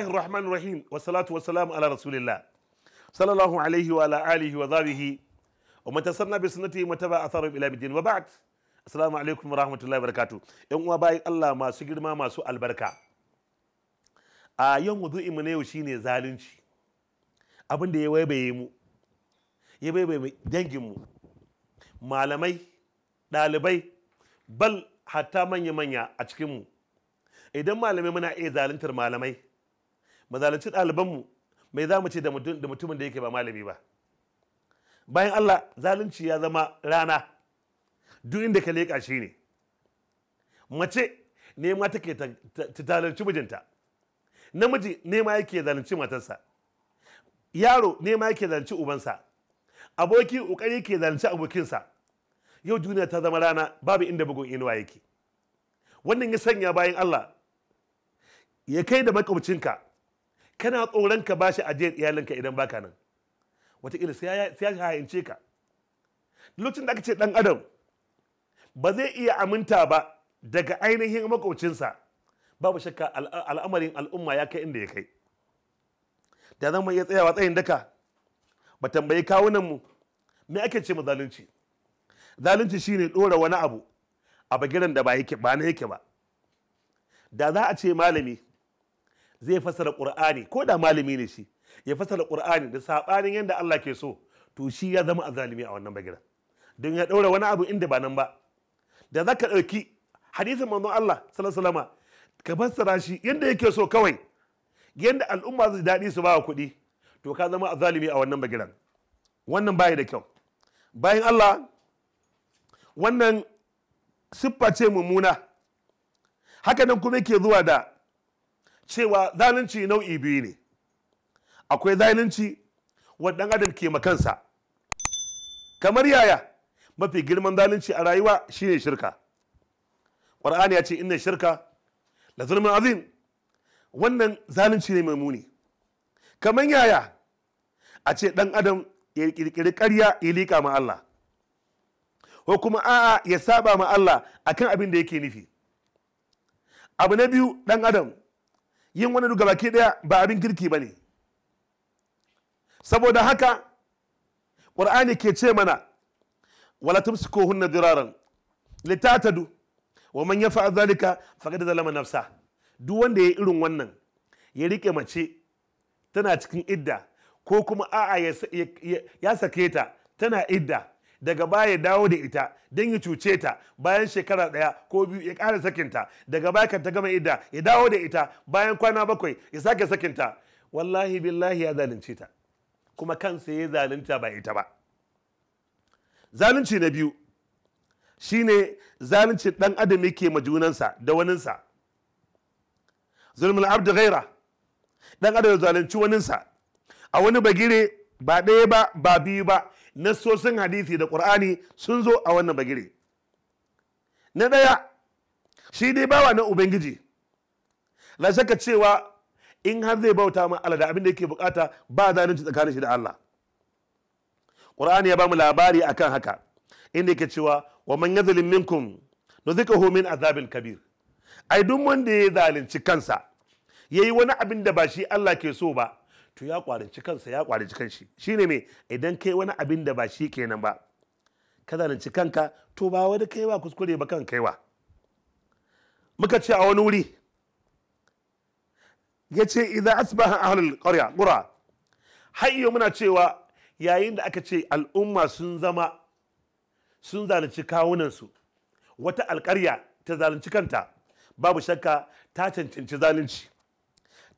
bismillahir rahmanir rahim wa salatu wa salam ala rasulillah sallallahu alaihi yan uwa baya Allah masu girma masu albarka a yau wudu'in mu na yau shine zalunci abin da ya waibaye mu ya waibaye dangin mu malamai ɗalibai bal hatta manya-manya a cikin mu. idan malamai muna iya zaluntar malamai mu ɗalibanmu mai za mu ce da mutumin da yake ba malami ba bayan Allah zalunci ya zama rana duk inda ka leƙa shi ne mace nema take ta zalunci mijinta namiji nema yake zalunci matarsa yaro nema yake zalunci ubansa aboki ƙoƙari yake zalunci abokinsa yau duniya ta zama rana babu inda bugun inuwa yake wannan ya sanya bayan Allah ya kai da makamcinka kana tsoron ka bashi ajiyar iyalinka idan baka nan wataƙila sai ya hayance ka lokacin da aka ce ɗan adam ba zai iya aminta ba daga ainihin makocinsa babu shakka al'amarin al'umma ya kai inda ya kai da za mu iya tsayawa tsayin daka ba tambayi mu me ake ce mu zalunci zalunci shine ɗora wani abu a bagiran da ba ba na yake ba da za a ce malami zai fasara qur'ani ko da malami ne shi ya fasara ƙur'ani da sabanin yadda Allah ke so to shi ya zama azalimi a wannan bagira don ya ɗaura wani abu inda ba nan ba da zaka ɗauki hadisin manzo Allah sallallahu ka fassara shi yadda yake so kawai yadda al'umma zai daɗi su ba kuɗi to ka zama azalimi a wannan bagiran wannan bayi da kyau bayan Allah wannan siffa ce mummuna haka nan kuma yake zuwa da cewa zalunci nau'i biyu ne akwai zalunci wadda adam ke makansa kamar yaya mafi girman zalunci a rayuwa shine shirka ƙwar'ani ya ce inna shirka da zulmin azim wannan zalunci ne mai muni kamar yaya a ce ɗan adam ya ƙirƙiri ƙarya ya liƙa ma Allah ko kuma a'a ya saba ma Allah akan abin da yake nufi abu na biyu ɗan adam yin wani duka baki daya ba abin kirki ba ne saboda haka ƙur'ani ke ce mana wala ko duraran diraran du wa man yafa zalika faqad zalama nafsa duk wanda ya irin wannan ya rike mace tana cikin idda ko kuma a'a ya sake ta tana idda daga baya ya dawo da ita don ya cuce ta bayan shekara daya ko biyu ya kara sakinta daga baya kan ta gama idda ya dawo da ita bayan kwana bakwai ya sake sakinta wallahi billahi ya zalunce ta kuma kansa ya zalunta ba ita ba zalunci na biyu shine zalunci dan adam yake ma junansa da waninsa zulmul abdu ghaira dan adam ya zalunci waninsa a wani bagire ba ɗaya ba ba biyu ba nassosin hadisi da qur'ani sun zo a wannan bagire na ɗaya shi dai bawa na ubangiji la ka cewa in har zai bauta ma Allah da abin da yake bukata ba zalunci tsakanin shi da Allah qur'ani ya bamu labari akan haka inda yake cewa wa man yazlim minkum nuzikahu min zabin kabir ai duk wanda ya zalunci kansa yayi wani abin da ba shi Allah ke so ba to ya kwarici kansa ya kwarinci kanshi shine me idan kai wani abin da ba shi kenan ba ka zalunci kanka to ba wani kaiwa kuskure ba kan kaiwa muka ce a wani wuri ya ce idan asibahan ahlul qarya qura har muna cewa yayin da aka ce al'umma sun zama sun zalunci kawunansu wata alƙarya ta zalunci kanta babu shakka ta cancanci zalunci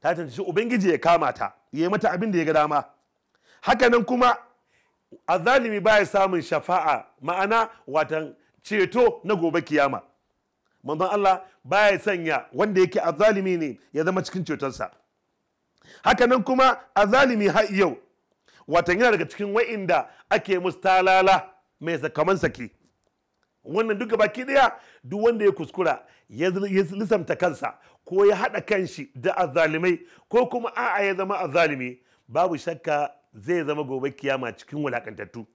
ta tantace ubangiji ya kama ta ya mata abin da ya ga dama hakanan kuma azalimi baya samun shafa'a ma'ana watan ceto na gobe kiyama manzon Allah baya sanya wanda yake azalimi ne ya zama cikin cetonsa hakanan kuma azalimi har yau watan yana daga cikin wa'inda ake mustalala mai sakaman saki wannan duka baki daya duk wanda ya kuskura ya lissamta kansa ko ya haɗa kanshi da azalimai ko kuma a'a ya zama azalimi babu shakka zai zama gobe kiyama cikin wulakantattu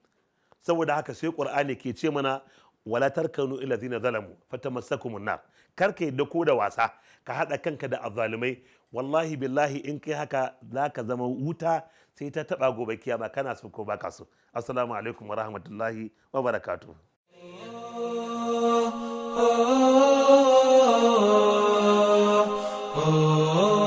saboda haka sai qur'ani ke ce mana wala tarkanu ila zina zalamu fatamassakum nar kar ka yadda ko da wasa ka haɗa kanka da azalimai wallahi billahi in kai haka zaka zama wuta sai ta taba gobe kiyama kana so ko baka so assalamu alaikum wa rahmatullahi wa oh, oh, oh, oh. oh, oh, oh.